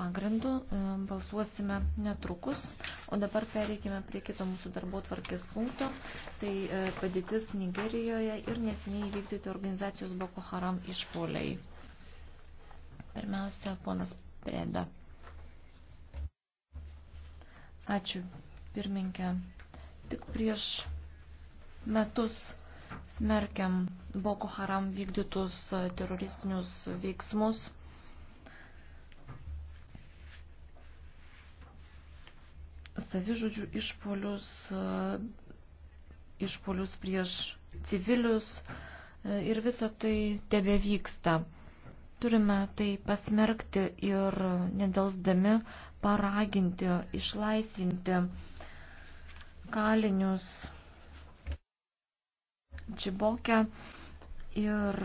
pagrindu e, balsuosime netrukus, o dabar pereikime prie kito mūsų darbo tvarkės punkto, tai e, padėtis Nigerijoje ir nesiniai įvykdyti organizacijos Boko Haram išpoliai. Pirmiausia, ponas Preda. Ačiū, pirminkė. Tik prieš metus smerkiam Boko Haram vykdytus e, teroristinius veiksmus savižudžių išpolius, išpolius prieš civilius e, ir visa tai tebe vyksta. Turime tai pasmerkti ir nedelsdami paraginti, išlaisvinti kalinius Čibokę ir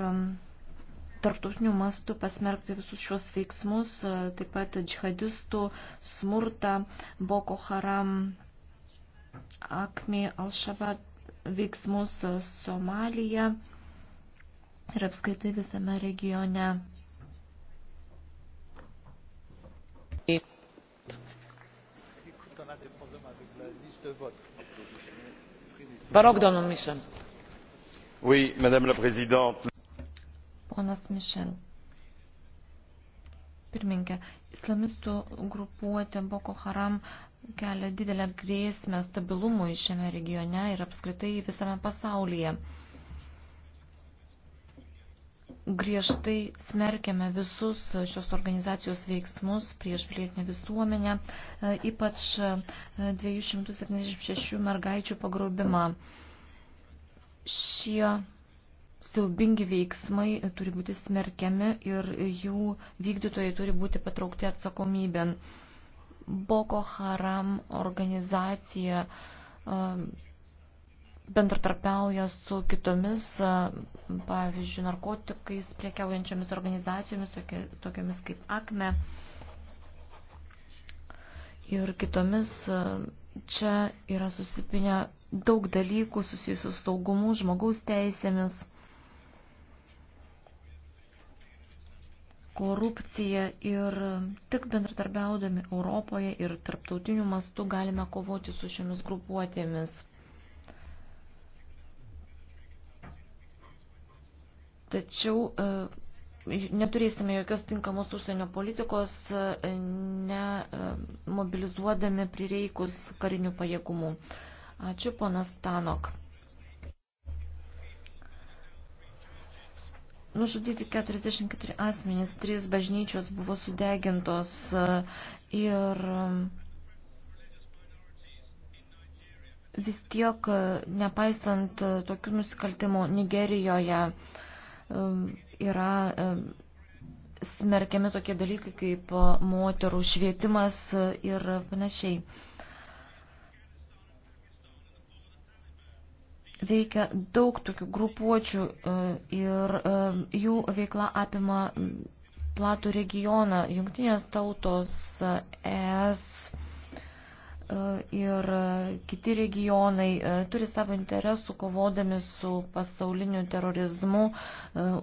tarptautiniu mastu pasmerkti visus šios veiksmus, e, taip pat džihadistų smurtą, Boko Haram, Akmi, Al-Shabaab veiksmus e, Somalija ir apskaitai visame regione. madame la présidente Ponas Mišel. Pirminkė, islamistų grupuotė Boko Haram kelia didelę grėsmę stabilumui šiame regione ir apskritai visame pasaulyje griežtai smerkiame visus šios organizacijos veiksmus prieš pilietinę visuomenę, e, ypač 276 e, mergaičių pagrobimą. Šie siaubingi veiksmai turi būti smerkiami ir jų vykdytojai turi būti patraukti atsakomybėn. Boko Haram organizacija bendratarpiauja su kitomis, pavyzdžiui, narkotikais priekiaujančiomis organizacijomis, tokiamis kaip Akme ir kitomis. Čia yra susipinę daug dalykų susijusių saugumu, žmogaus teisėmis. korupciją ir tik bendradarbiaudami Europoje ir tarptautiniu mastu galime kovoti su šiomis grupuotėmis. Tačiau e, neturėsime jokios tinkamos užsienio politikos, e, ne e, mobilizuodami prireikus karinių pajėgumų. Ačiū, ponas Tanok. nužudyti 44 asmenys, 3 bažnyčios buvo sudegintos e, ir e, vis tiek, e, nepaisant tokių nusikaltimų, Nigerijoje yra smerkiami tokie dalykai kaip moterų švietimas ir panašiai. veikia daug tokių grupuočių e, ir e, jų veikla apima platų regioną, jungtinės tautos, ES e, ir kiti regionai turi savo interesų kovodami su pasauliniu terorizmu,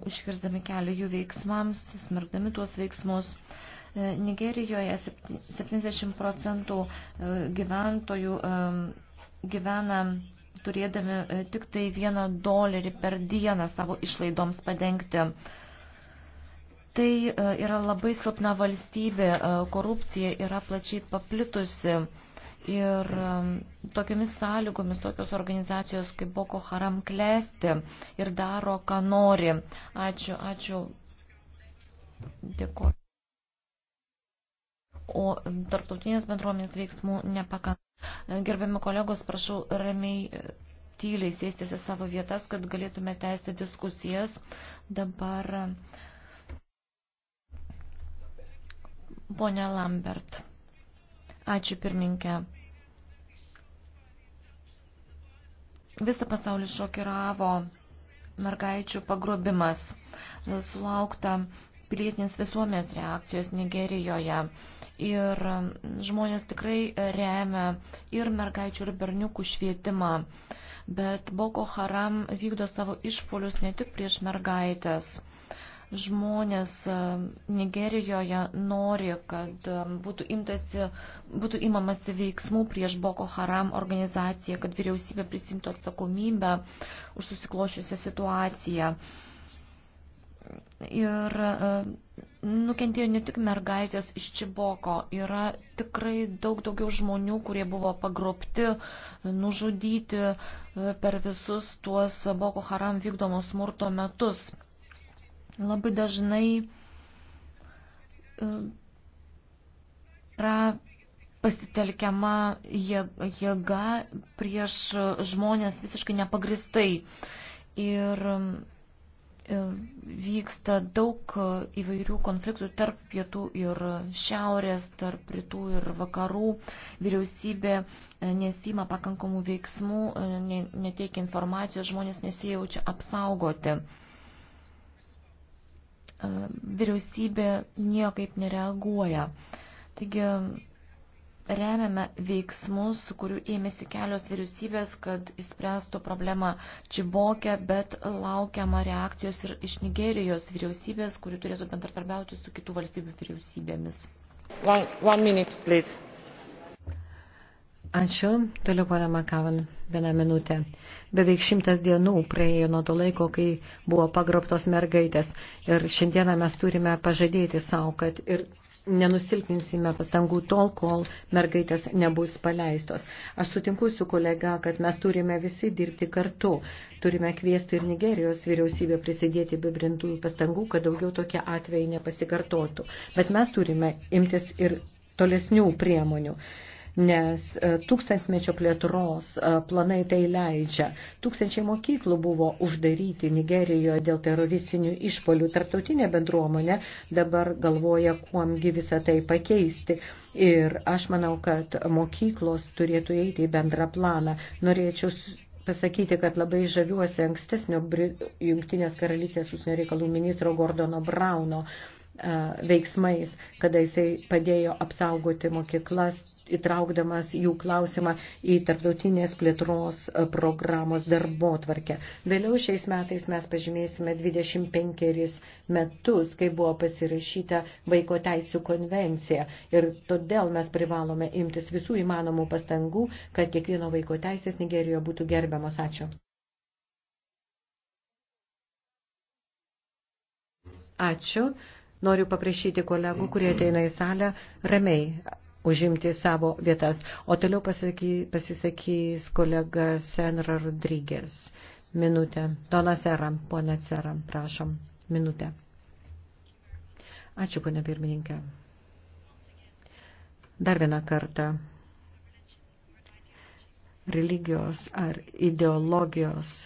užkirzdami kelią jų veiksmams, smerkdami tuos veiksmus. Nigerijoje 70 procentų gyventojų gyvena turėdami e, tik tai vieną dolerį per dieną savo išlaidoms padengti. Tai e, yra labai silpna valstybė, e, korupcija yra plačiai paplitusi ir tokiamis sąlygomis tokios organizacijos kaip Boko Haram klesti ir daro, ką nori. Ačiū, ačiū. Dėkuoju. O tarptautinės bendruomenės veiksmų nepakankamai. Gerbiami kolegos, prašau ramiai e, tyliai sėstis į savo vietas, kad galėtume tęsti diskusijas. Dabar ponia Lambert. Ačiū pirminkė. Visą pasaulį šokiravo mergaičių pagrobimas. Sulaukta pilietinės visuomės reakcijos Nigerijoje. Ir um, žmonės tikrai remia ir mergaičių, ir berniukų švietimą. Bet Boko Haram vykdo savo išpolius ne tik prieš mergaitės. Žmonės um, Nigerijoje nori, kad um, būtų, imtasi, būtų imamasi veiksmų prieš Boko Haram organizaciją, kad vyriausybė prisimtų atsakomybę už susiklošiusią situaciją. Ir nukentėjo ne tik mergaitės iš Čiboko, yra tikrai daug daugiau žmonių, kurie buvo pagrobti, nužudyti e, per visus tuos Boko Haram vykdomos smurto metus. Labai dažnai e, yra pasitelkiama jėga prieš žmonės visiškai nepagristai. Ir E, vyksta daug e, įvairių konfliktų tarp pietų ir šiaurės, tarp rytų ir vakarų. Vyriausybė e, nesima pakankamų veiksmų, neteikia informacijos, žmonės nesijaučia apsaugoti. Vyriausybė niekaip nereaguoja. Taigi remiame veiksmus, kurių ėmėsi kelios vyriausybės, kad įspręstų problemą Čibokę, bet laukiama reakcijos ir iš Nigerijos vyriausybės, kuri turėtų bendratarbiauti su kitų valstybių vyriausybėmis. One, one minute, please. Ačiū. Toliau, ponia Makavan, vieną minutę. Beveik šimtas dienų praėjo nuo to laiko, kai buvo pagrobtos mergaitės. Ir šiandieną mes turime pažadėti savo, kad ir nenusilpinsime pastangų tol, kol mergaitės nebus paleistos. Aš sutinku su kolega, kad mes turime visi dirbti kartu. Turime kviesti ir Nigerijos vyriausybę prisidėti be brintųjų pastangų, kad daugiau tokie atvejai nepasikartotų. Bet mes turime imtis ir tolesnių priemonių. Uh, nes e, tūkstantmečio plėtros e, planai tai leidžia. Tūkstančiai mokyklų buvo uždaryti Nigerijoje dėl teroristinių išpolių. Tarptautinė bendruomonė dabar galvoja, kuomgi visą tai pakeisti. Ir aš manau, kad mokyklos turėtų eiti į bendrą planą. Norėčiau pasakyti, kad labai žaviuosi ankstesnio Jungtinės karalystės užsienio reikalų ministro Gordono Brauno e, veiksmais, kada jisai padėjo apsaugoti mokyklas įtraukdamas jų klausimą į tarptautinės plėtros e, programos darbo tvarkę. Vėliau šiais metais mes pažymėsime 25 metus, kai buvo pasirašyta vaiko teisų konvencija ir todėl mes privalome imtis visų įmanomų pastangų, kad kiekvieno vaiko teisės Nigerijoje būtų gerbiamos. Ačiū. Ačiū. Noriu paprašyti kolegų, kurie ateina į salę, ramiai užimti savo vietas. O toliau pasaky, pasisakys kolega Senra Rodrygės. Minutė. Dona Sera, ponė Sera, prašom. Minutė. Ačiū, ponė pirmininkė. Dar vieną kartą religijos ar ideologijos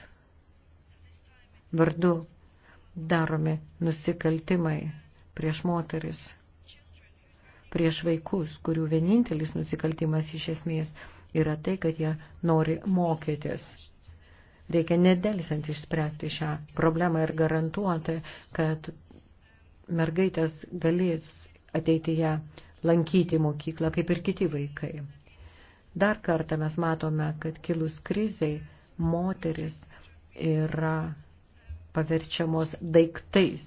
vardu daromi nusikaltimai prieš moteris, prieš vaikus, kurių vienintelis nusikaltimas iš esmės yra tai, kad jie nori mokytis. Reikia nedelsiant išspręsti šią problemą ir garantuoti, kad mergaitės galės ateityje lankyti mokyklą, kaip ir kiti vaikai. Dar kartą mes matome, kad kilus kriziai moteris yra paverčiamos daiktais,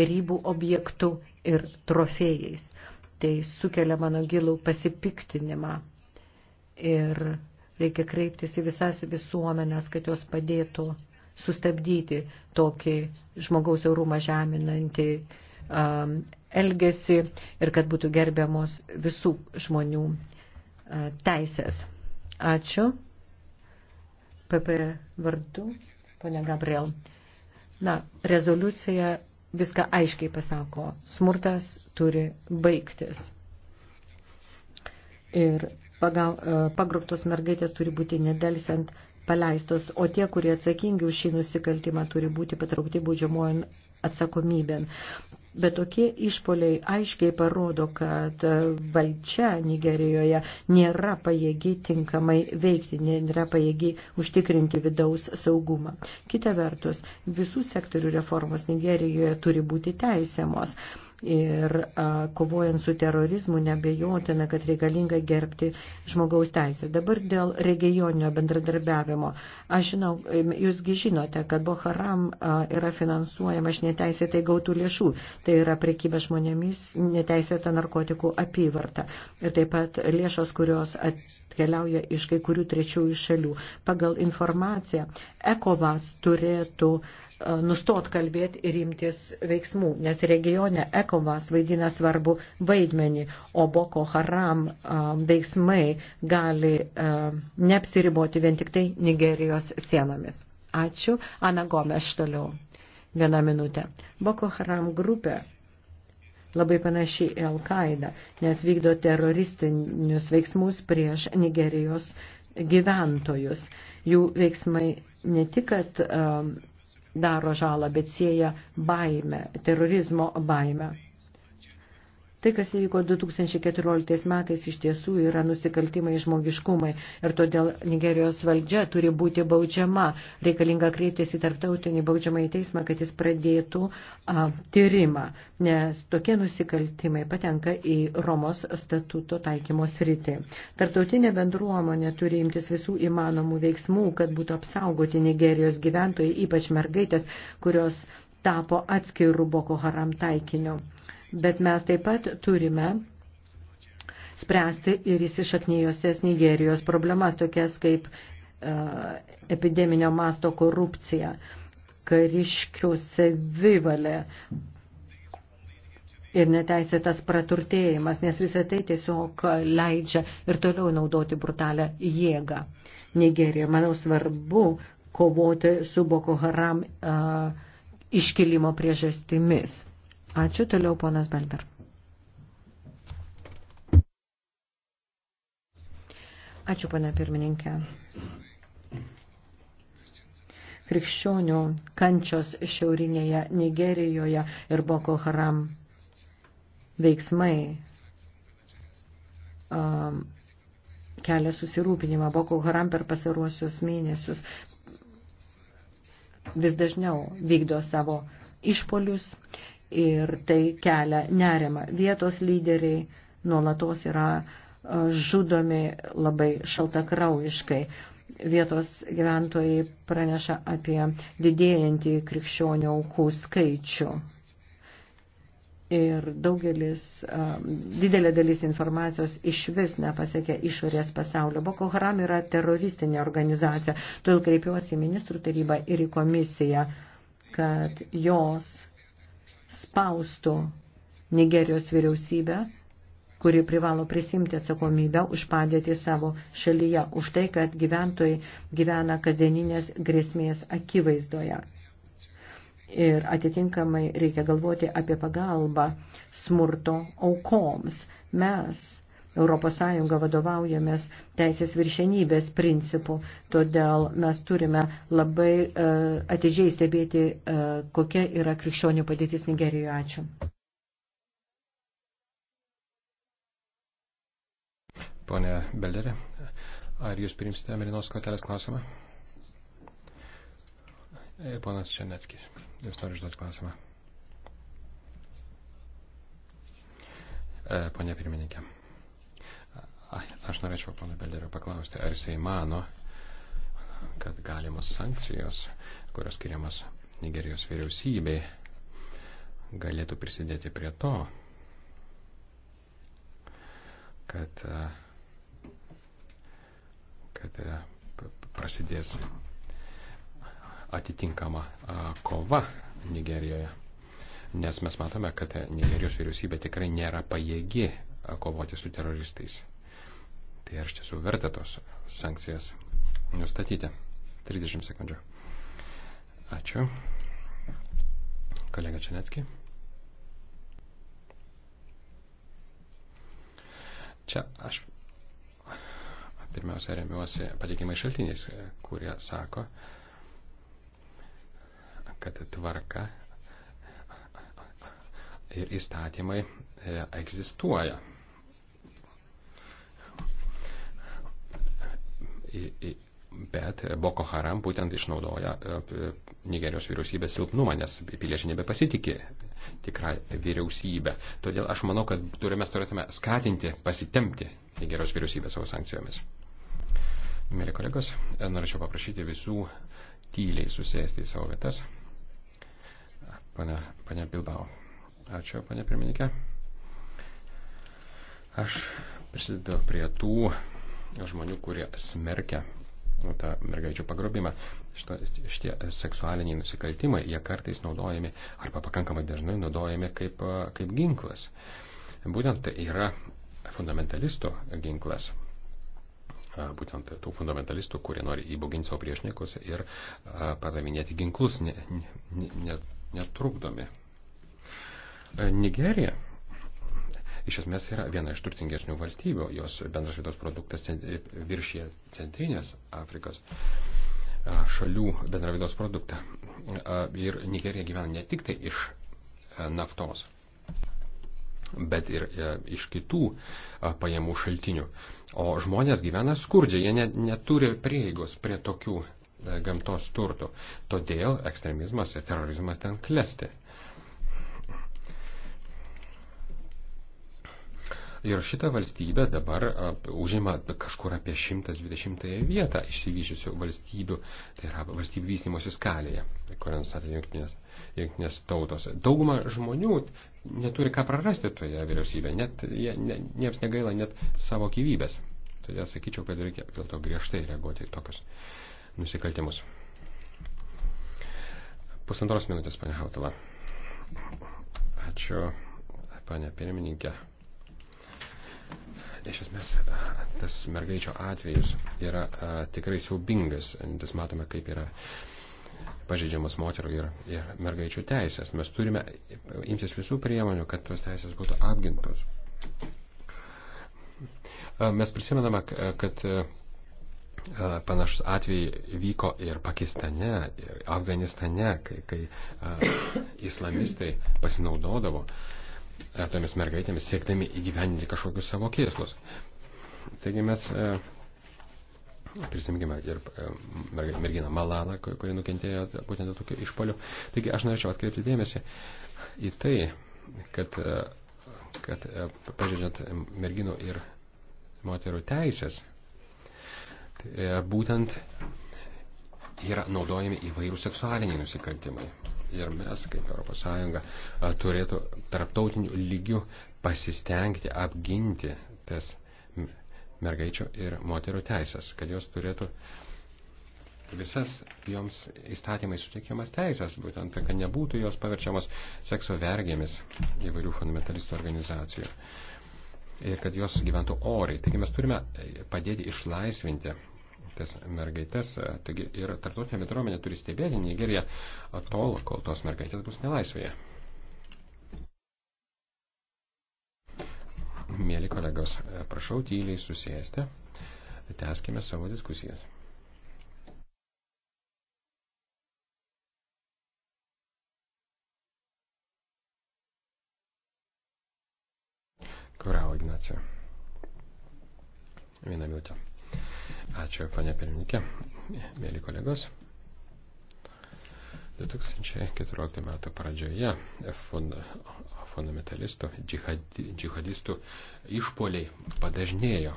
dėrybų objektų ir trofėjais tai sukelia mano gilų pasipiktinimą. Ir reikia kreiptis į visas visuomenės, kad jos padėtų sustabdyti tokį žmogaus eurumą žeminantį um, elgesį ir kad būtų gerbiamos visų žmonių uh, teisės. Ačiū. PP vardu, ponia Gabriel. Na, rezoliucija viską aiškiai pasako. Smurtas turi baigtis. Ir pagal, e, pagruptos mergaitės turi būti nedelsiant paleistos, o tie, kurie atsakingi už šį nusikaltimą, turi būti patraukti baudžiamojon atsakomybėn. Bet tokie išpoliai aiškiai parodo, kad valdžia Nigerijoje nėra pajėgi tinkamai veikti, nėra pajėgi užtikrinti vidaus saugumą. Kita vertus, visų sektorių reformos Nigerijoje turi būti teisiamos. Ir a, kovojant su terorizmu nebejotina, kad reikalinga gerbti žmogaus teisę. Dabar dėl regioninio bendradarbiavimo. Aš žinau, jūsgi žinote, kad Boharam a, yra finansuojama iš neteisėtai gautų lėšų. Tai yra prekyba žmonėmis, neteisėta narkotikų apyvarta. Ir taip pat lėšos, kurios atkeliauja iš kai kurių trečiųjų šalių. Pagal informaciją, ECOVAS turėtų nustot kalbėti ir imtis veiksmų, nes regione ECOVAS vaidina svarbu vaidmenį, o Boko Haram veiksmai gali neapsiriboti vien tik tai Nigerijos sienomis. Ačiū. Ana Gomes toliau. Vieną minutę. Boko Haram grupė labai panaši į Al-Qaidą, nes vykdo teroristinius veiksmus prieš Nigerijos gyventojus. Jų veiksmai ne tik, kad um, daro žalą, bet sieja baimę, terorizmo baimę. Tai, kas įvyko 2014 metais, iš tiesų yra nusikaltimai žmogiškumai ir todėl Nigerijos valdžia turi būti baudžiama. Reikalinga kreiptis į tarptautinį baudžiamą į teismą, kad jis pradėtų a, tyrimą, nes tokie nusikaltimai patenka į Romos statuto taikymo sritį. Tarptautinė bendruomonė turi imtis visų įmanomų veiksmų, kad būtų apsaugoti Nigerijos gyventojai, ypač mergaitės, kurios tapo atskirų Boko Haram taikiniu bet mes taip pat turime spręsti ir įsišaknyjusias Nigerijos problemas, tokias kaip uh, epideminio masto korupcija, kariškių savivalė ir neteisėtas praturtėjimas, nes visą tai tiesiog leidžia ir toliau naudoti brutalę jėgą. Nigerija, manau, svarbu kovoti su Boko Haram uh, iškilimo priežastimis Ačiū, toliau ponas Belder. Ačiū, pana pirmininkė. Krikščionių kančios šiaurinėje Nigerijoje ir Boko Haram veiksmai um, kelia susirūpinimą. Boko Haram per pasaruosius mėnesius vis dažniau vykdo savo išpolius ir tai kelia nerimą. Vietos lyderiai nuolatos yra e, žudomi labai šaltakraujiškai. Vietos gyventojai praneša apie didėjantį krikščionių aukų skaičių. Ir daugelis, e, didelė dalis informacijos iš vis nepasiekia išorės pasaulio. Boko Haram yra teroristinė organizacija. Todėl kreipiuosi į ministrų tarybą ir į komisiją, kad jos spaustų Nigerijos vyriausybę, kuri privalo prisimti atsakomybę už padėtį savo šalyje, už tai, kad gyventojai gyvena kasdieninės grėsmės akivaizdoje. Ir atitinkamai reikia galvoti apie pagalbą smurto aukoms. Mes Europos Sąjunga vadovaujamės teisės viršenybės principų, todėl mes turime labai uh, atidžiai stebėti, uh, kokia yra krikščionių padėtis Nigerijoje. Ačiū. Pone Belderė, ar jūs primsite Melinos kortelės klausimą? E, ponas Černeckis, jūs noriu užduoti klausimą. Pone pirmininkė. Aš norėčiau pana Belderio paklausti, ar jisai mano, kad galimos sankcijos, kurios skiriamas Nigerijos vyriausybei, galėtų prisidėti prie to, kad, kad e, prasidės atitinkama kova Nigerijoje. Nes mes matome, kad Nigerijos vyriausybė tikrai nėra pajėgi kovoti su teroristais. Tai ar iš tiesų verta tos sankcijas nustatyti? 30 sekundžių. Ačiū. Kolega Čanecki. Čia aš pirmiausia remiuosi patikimai šaltiniais, kurie sako, kad tvarka ir įstatymai e, egzistuoja. Bet Boko Haram būtent išnaudoja e, Nigerijos vyriausybės silpnumą, nes piliečiai nebepasitikė tikrą vyriausybę. Todėl aš manau, kad turime, turėtume skatinti, pasitemti Nigerijos vyriausybę savo sankcijomis. Mėly kolegos, e, norėčiau paprašyti visų tyliai susėsti į savo vietas. Pane, pane Bilbao. Ačiū, pane pirmininkė. Aš prisidedu prie tų žmonių, kurie smerkia nu, tą mergaičių pagrobimą. Šito, šitie seksualiniai nusikaltimai, jie kartais naudojami arba pakankamai dažnai naudojami kaip, kaip ginklas. Būtent tai yra fundamentalistų ginklas. Būtent tų fundamentalistų, kurie nori įbauginti savo priešnikus ir padavinėti ginklus netrukdomi. Ne, ne, ne Nigerija iš esmės yra viena iš turtingesnių valstybių, jos bendras vidaus produktas e, viršyje centrinės Afrikos šalių bendrą vidaus produktą. Ir Nigerija gyvena ne tik tai iš naftos, bet ir e, iš kitų pajamų šaltinių. O žmonės gyvena skurdžiai, jie net, neturi prieigos prie tokių e, gamtos turtų. Todėl ekstremizmas ir terorizmas ten klesti. Ir šita valstybė dabar užima kažkur apie 120 vietą išsivyščiusių valstybių, tai yra valstybių vystimosi skalėje, kurią nustatė jungtinės, jungtinės tautos. Dauguma žmonių neturi ką prarasti toje vyriausybėje, net jie, ne, jiems negaila net savo gyvybės. Todėl sakyčiau, kad reikia dėl to griežtai reaguoti į tokius nusikaltimus. Pusantros minutės, pane Hautala. Ačiū, pane pirmininkė. Iš esmės, tas mergaičio atvejis yra a, tikrai siaubingas, nes matome, kaip yra pažeidžiamas moterų ir, ir mergaičių teisės. Mes turime imtis visų priemonių, kad tos teisės būtų apgintos. Mes prisimename, kad panašus atvejai vyko ir Pakistane, ir Afganistane, kai, kai islamistai pasinaudodavo uh, ar tomis mergaitėmis siekdami įgyvendinti kažkokius savo kėslus. Taigi mes e, prisimkime ir e, merginą Malalą, kuri nukentėjo būtent dėl tokių išpolių. Taigi aš norėčiau atkreipti dėmesį į tai, kad, e, kad e, pažeidžiant merginų ir moterų teisės, tai, e, būtent yra naudojami įvairūs seksualiniai nusikaltimai. Ir mes, kaip ES, turėtų tarptautiniu lygiu pasistengti apginti tas mergaičių ir moterų teisės, kad jos turėtų visas joms įstatymai suteikiamas teisės, būtent, kad nebūtų jos paverčiamos sekso vergėmis įvairių fundamentalistų organizacijų. Ir kad jos gyventų oriai. Taigi mes turime padėti išlaisvinti tas mergaitės. Taigi ir tarptautinė bendruomenė turi stebėti Nigeriją tol, kol tos mergaitės bus nelaisvėje. Mėly kolegos, prašau tyliai susėsti. Teskime savo diskusijas. Kurau, Ignacija. Vieną minutę. Ačiū, panė pirmininkė. Mėly kolegos. 2014 metų pradžioje fund, fundamentalistų, džihad, džihadistų išpoliai padažnėjo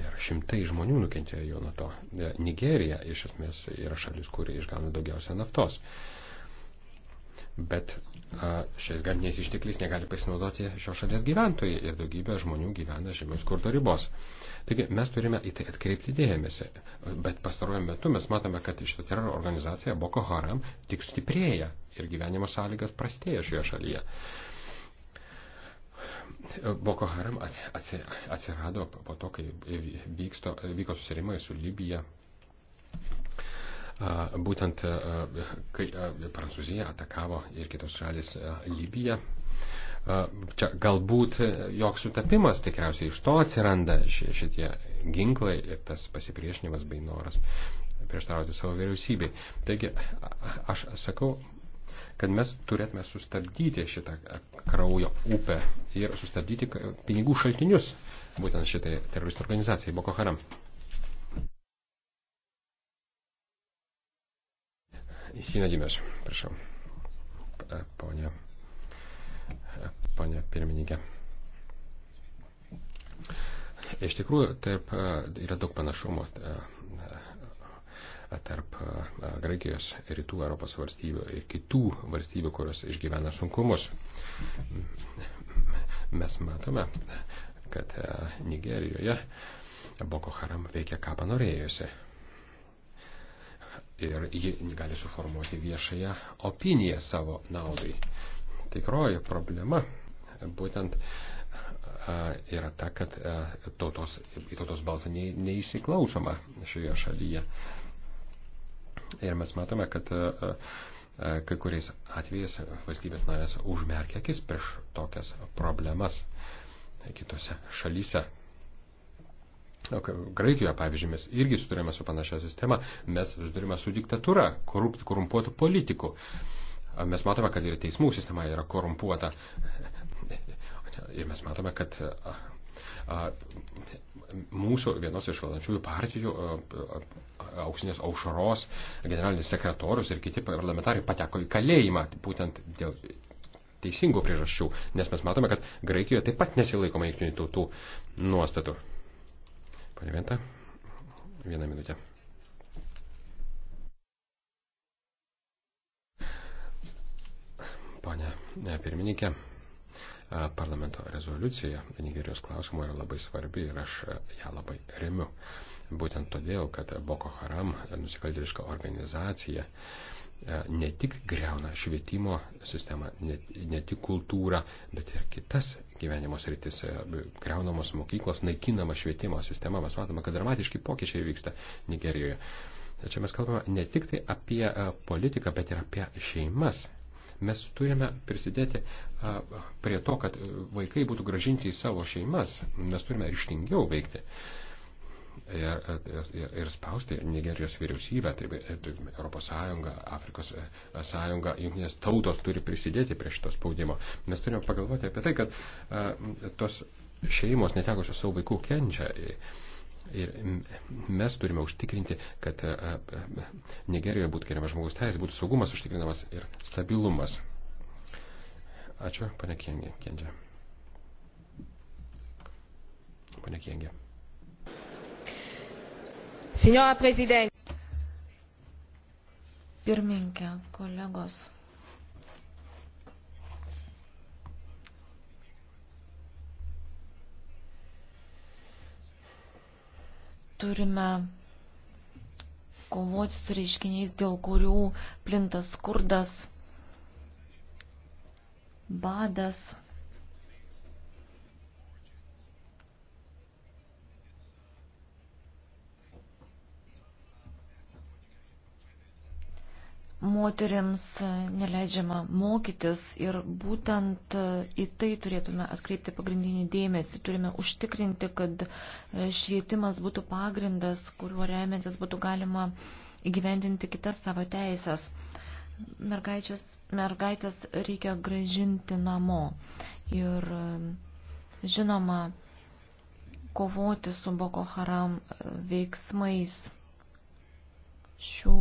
ir šimtai žmonių nukentėjo nuo to. Nigerija iš esmės yra šalis, kuri išgauna daugiausia naftos. E, bet šiais gamtiniais ištekliais negali pasinaudoti šios šalies gyventojai ir daugybė žmonių gyvena žemiau skurdo ribos. Taigi mes turime į tai atkreipti dėmesį, bet pastaruoju metu mes matome, kad šitą teroro organizaciją Boko Haram tik stiprėja ir gyvenimo sąlygas prastėja šioje šalyje. Boko Haram atsirado po to, kai vyksto, vyko susirimai su Libija Būtent kai Prancūzija atakavo ir kitos šalis Libiją, čia galbūt joks sutapimas tikriausiai iš to atsiranda šitie ginklai ir tas pasipriešinimas bei noras prieštarauti savo vyriausybei. Taigi aš sakau, kad mes turėtume sustabdyti šitą kraujo upę ir sustabdyti pinigų šaltinius būtent šitai teroristų organizacijai Boko Haram. Sina Dimeš, prašau. Pone, pone e, pirmininkė. E, iš tikrųjų, taip e, yra daug panašumų tarp Graikijos, rytų Europos valstybių ir kitų valstybių, kurios išgyvena sunkumus. Mes matome, kad Nigerijoje Boko Haram veikia ką panorėjusi ir ji gali suformuoti viešąją opiniją savo naudai. Tikroji problema būtent yra ta, kad tautos, tautos balsą ne, neįsiklausoma šioje šalyje. Ir mes matome, kad kai kuriais atvejais valstybės narės užmerkia akis prieš tokias problemas kitose šalyse. Graikijoje, pavyzdžiui, mes irgi susidurėme su panašia sistema, mes susidurėme su diktatūra, korup, korumpuotų politikų. Mes matome, kad ir teismų sistema yra korumpuota. Ir mes matome, kad mūsų vienos iš valdančiųjų partijų auksinės aušaros generalinis sekretorius ir kiti parlamentarai pateko į kalėjimą būtent dėl teisingų priežasčių, nes mes matome, kad Graikijoje taip pat nesilaikoma jungtinių tautų nuostatų. Pane Venta, vieną minutę. Pane e, pirmininkė, e, parlamento rezoliucija Nigerijos klausimų yra labai svarbi ir aš e, ją labai remiu. Būtent todėl, kad Boko Haram, nusikaltėliška organizacija, ne tik greuna švietimo sistemą, ne, ne tik kultūrą, bet ir kitas gyvenimo sritise, greunamos mokyklos, naikinama švietimo sistema, mes matome, kad dramatiški pokyčiai vyksta Nigerijoje. Čia mes kalbame ne tik tai apie e, politiką, bet ir apie šeimas. Mes turime prisidėti e, prie to, kad e, vaikai būtų gražinti į savo šeimas. Mes turime ryštingiau veikti ir, ir, ir spausti Nigerijos vyriausybę, taip, tai Europos Sąjunga, Afrikos Sąjunga, jungtinės tautos turi prisidėti prie šito spaudimo. Mes turime pagalvoti apie tai, kad a, tos šeimos netekusios savo vaikų kenčia. Ir mes turime užtikrinti, kad a, a, Nigerijoje būtų geriamas žmogus teisės, būtų saugumas užtikrinamas ir stabilumas. Ačiū, pane Kiengė. Pane Kiengė. Signora Prezidentė. Pirminkė, kolegos. Turime kovoti su reiškiniais, dėl kurių plintas skurdas, badas. moteriams neleidžiama mokytis ir būtent e, į tai turėtume atkreipti pagrindinį dėmesį. Turime užtikrinti, kad e, švietimas būtų pagrindas, kuriuo remiantis būtų galima įgyvendinti kitas savo teisės. Mergaitės, mergaitės reikia gražinti namo ir e, žinoma kovoti su Boko Haram veiksmais šių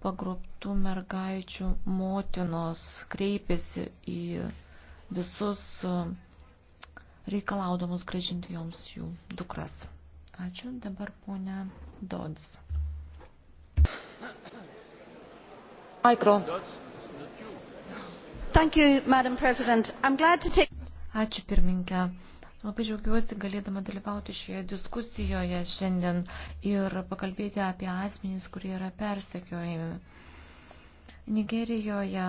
pagruptų mergaičių motinos kreipėsi į visus e, reikalaudamus gražinti joms jų dukras. Ačiū. Dabar ponia Dodds. Mikro. Thank you, Madam President. I'm glad to take... Ačiū pirminkė. Labai džiaugiuosi galėdama dalyvauti šioje diskusijoje šiandien ir pakalbėti apie asmenys, kurie yra persekiojami. Nigerijoje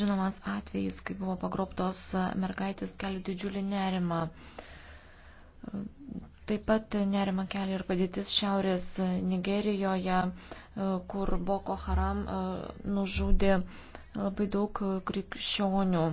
žinomas atvejis, kai buvo pagrobtos mergaitės, kelių didžiulį nerimą. Taip pat nerima kelia ir padėtis šiaurės Nigerijoje, kur Boko Haram e, nužudė labai daug krikščionių.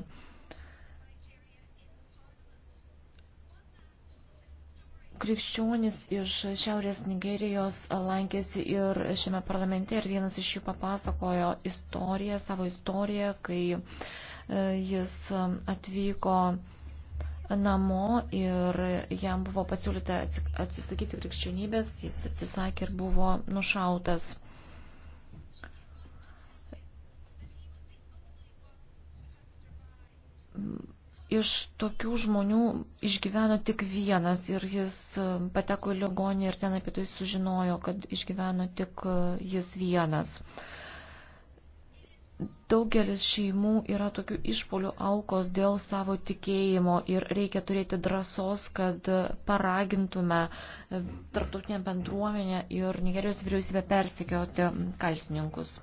krikščionis iš Šiaurės Nigerijos lankėsi ir šiame parlamente ir vienas iš jų papasakojo istoriją, savo istoriją, kai e, jis atvyko namo ir jam buvo pasiūlyta atsisakyti krikščionybės, jis atsisakė ir buvo nušautas. Mm iš tokių žmonių išgyveno tik vienas ir jis e, pateko į ligonį ir ten apie tai sužinojo, kad išgyveno tik e, jis vienas. Daugelis šeimų yra tokių išpolių aukos dėl savo tikėjimo ir reikia turėti drąsos, kad e, paragintume tarptautinę bendruomenę ir Nigerijos vyriausybę persikioti kaltininkus.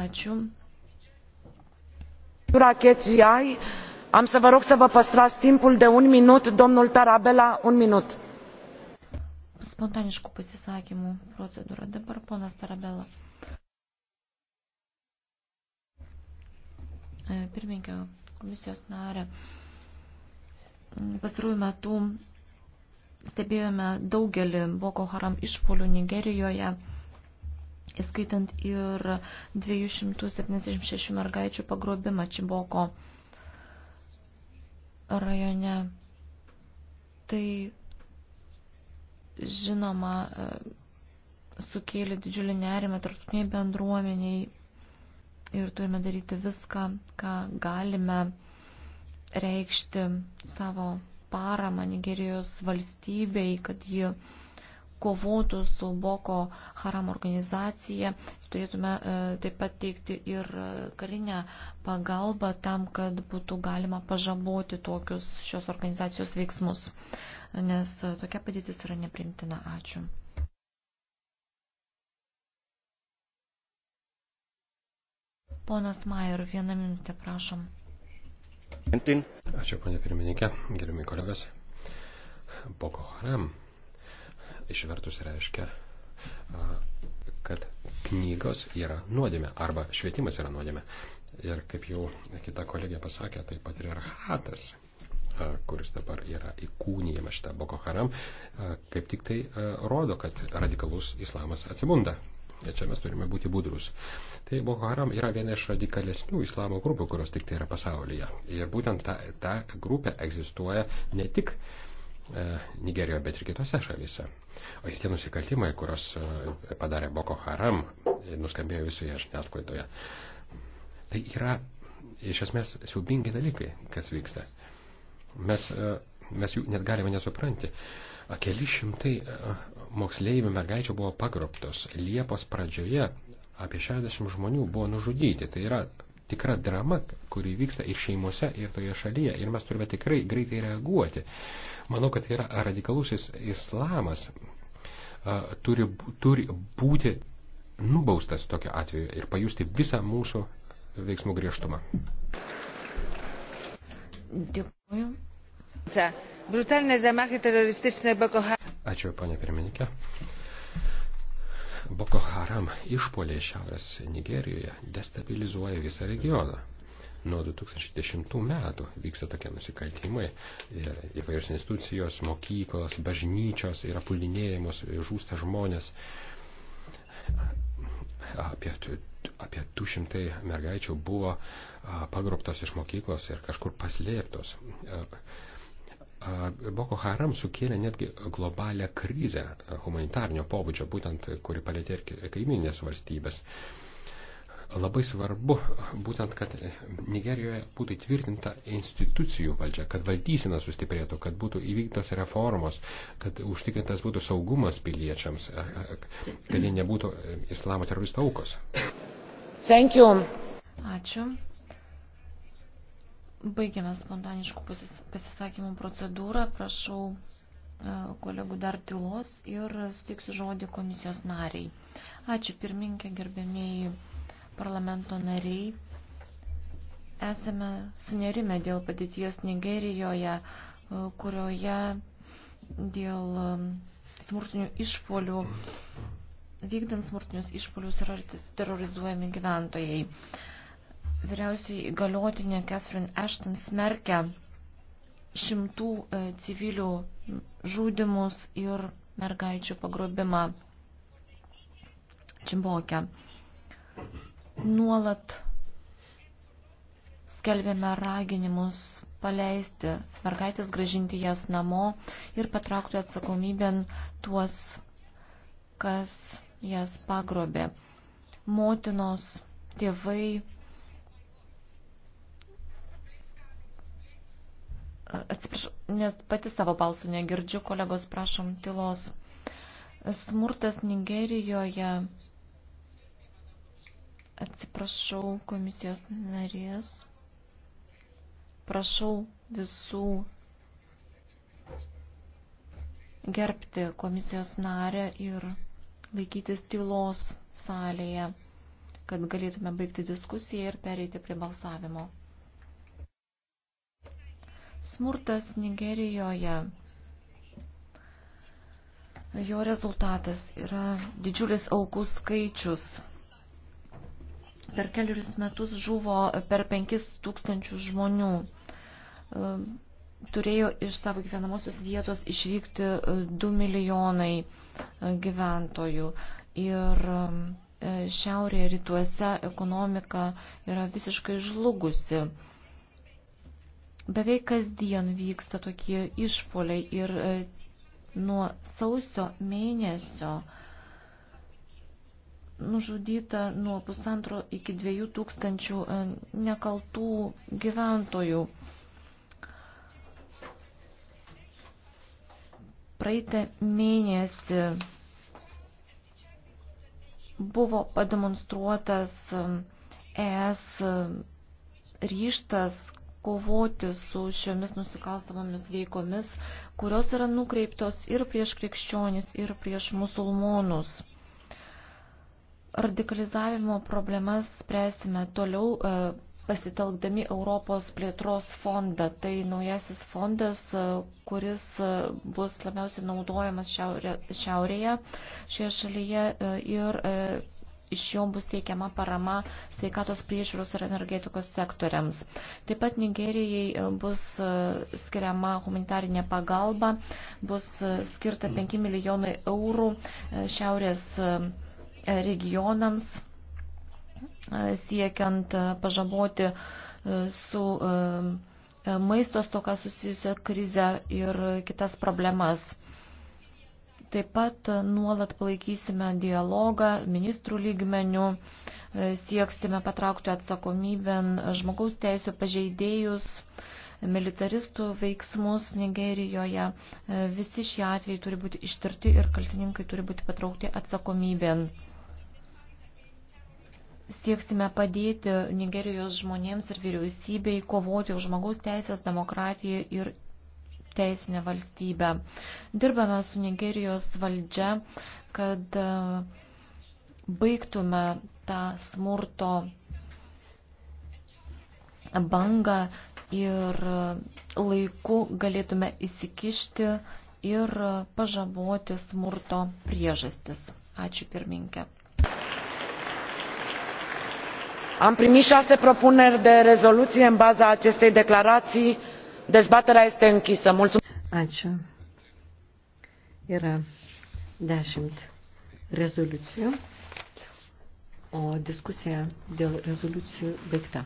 Ačiū. Catch the Eye am să vă rog să vă păstrați timpul de un minut domnul tarabella un minut. spontaniškų pasisakymų procedūra dabar ponas tarabella. E, Pirmininkė, komisijos narė, pastarųjų metų stebėjome daugelį Boko Haram išpolių Nigerijoje įskaitant ir 276 mergaičių pagrobimą Čiboko rajone. Tai žinoma e, sukėlė didžiulį nerimą tarptautiniai bendruomeniai ir turime daryti viską, ką galime reikšti savo paramą Nigerijos valstybei, kad ji kovotų su Boko Haram organizacija. Turėtume e, taip pat teikti ir e, karinę pagalbą tam, kad būtų galima pažaboti tokius šios organizacijos veiksmus, nes e, tokia padėtis yra neprimtina. Ačiū. Ponas Majer, vieną minutę, prašom. Ačiū, ponė pirmininkė, gerbiami kolegos. Boko Haram išvertus reiškia, kad knygos yra nuodėme arba švietimas yra nuodėme. Ir kaip jau kita kolegė pasakė, tai patriarchatas, kuris dabar yra įkūnyjama šitą Boko Haram, kaip tik tai rodo, kad radikalus islamas atsibunda. Ir čia mes turime būti budrus. Tai Boko Haram yra viena iš radikalesnių islamo grupių, kurios tik tai yra pasaulyje. Ir būtent ta, ta grupė egzistuoja ne tik uh, E, Nigerijoje, bet ir kitose šalyse. O tie nusikaltimai, kurios e, padarė Boko Haram, e, nuskambėjo visoje žiniasklaidoje. Tai yra iš esmės siubingi dalykai, kas vyksta. Mes, mes jų net galime nesupranti. Keli šimtai moksleivių mergaičių buvo pagrobtos. Liepos pradžioje apie 60 žmonių buvo nužudyti. Tai yra tikra drama, kuri vyksta ir šeimose, ir toje šalyje. Ir mes turime tikrai greitai reaguoti. Manau, kad tai yra radikalusis islamas turi, turi būti nubaustas tokiu atveju ir pajusti visą mūsų veiksmų griežtumą. Dėkuoju. Brutalne zamachy terrorystyczne Boko Haram. Ačiū, ponė pirmininkė. Boko Haram išpoliai šiaurės Nigerijoje destabilizuoja visą regioną. Nuo 2010 metų vyksta tokie nusikaltimai ir įvairios institucijos, mokyklos, bažnyčios yra pulinėjamos, žūsta žmonės. Apie, apie 200 mergaičių buvo pagruptos iš mokyklos ir kažkur paslėptos. A, Boko Haram sukėlė netgi globalią krizę humanitarnio pobūdžio, būtent kuri palėtė ir kaiminės valstybės. Labai svarbu būtent, kad Nigerijoje būtų įtvirtinta institucijų valdžia, kad valdysena sustiprėtų, kad būtų įvykdytos reformos, kad užtikrintas būtų saugumas piliečiams, kad jie nebūtų islamo teroristų aukos. Ačiū. Baigiame spontaniškų pasisakymų procedūrą. Prašau e, kolegų dar tylos ir sutiksiu žodį komisijos nariai. Ačiū pirminkė, gerbėmėjai parlamento nariai. Esame sunerime dėl padėties Nigerijoje, e, kurioje dėl e, smurtinių išpolių, vykdant smurtinius išpolius yra terrorizuojami gyventojai. Vyriausiai įgaliotinė Catherine Ashton smerkia šimtų e, civilių žudimus ir mergaičių pagrobimą Čimbokę. Nuolat skelbėme raginimus paleisti mergaitės, gražinti jas namo ir patraukti atsakomybėn tuos, kas jas pagrobė. Motinos, tėvai, Atsiprašau, nes pati savo balsų negirdžiu, kolegos, prašom tylos. Smurtas Nigerijoje. Atsiprašau komisijos narės. Prašau visų gerbti komisijos narę ir laikytis tylos salėje, kad galėtume baigti diskusiją ir pereiti prie balsavimo. Smurtas Nigerijoje. Jo rezultatas yra didžiulis aukų skaičius. Per kelius metus žuvo per 5000 žmonių. E, turėjo iš savo gyvenamosios vietos išvykti 2 e, milijonai e, gyventojų. Ir šiaurėje rytuose ekonomika yra visiškai žlugusi. Beveik kasdien vyksta tokie išpoliai ir e, nuo sausio mėnesio nužudyta nuo pusantro iki dviejų tūkstančių e, nekaltų gyventojų. Praeitą mėnesį buvo pademonstruotas ES e ryštas kovoti su šiomis nusikalstamomis veikomis, kurios yra nukreiptos ir prieš krikščionis, ir prieš musulmonus. Radikalizavimo problemas spręsime toliau e, pasitelkdami Europos plėtros fondą. Tai naujasis fondas, e, kuris e, bus labiausiai naudojamas šiaurėje šioje šalyje ir iš jo bus teikiama parama sveikatos priežiūros ir energetikos sektoriams. Taip pat Nigerijai e, bus e, skiriama humanitarinė pagalba, bus e, skirta 5 milijonai eurų šiaurės regionams siekiant pažaboti su maisto stoka susijusią krizę ir kitas problemas. Taip pat nuolat palaikysime dialogą ministrų lygmenių, e, sieksime patraukti atsakomybę žmogaus teisų pažeidėjus, militaristų veiksmus Nigerijoje. E, visi šie atvejai turi būti ištirti ir kaltininkai turi būti patraukti atsakomybėn. Sieksime padėti Nigerijos žmonėms ir vyriausybei kovoti už žmogaus teisės, demokratiją ir teisinę valstybę. Dirbame su Nigerijos valdžia, kad e, baigtume tą smurto bangą ir laiku galėtume įsikišti ir pažaboti smurto priežastis. Ačiū pirminkė. Am primit șase propuneri de rezoluție în baza acestei declarații dezbaterea este închisă. Ačiū. Yra dešimt rezoliucijų, o diskusija dėl rezoliucijų baigta.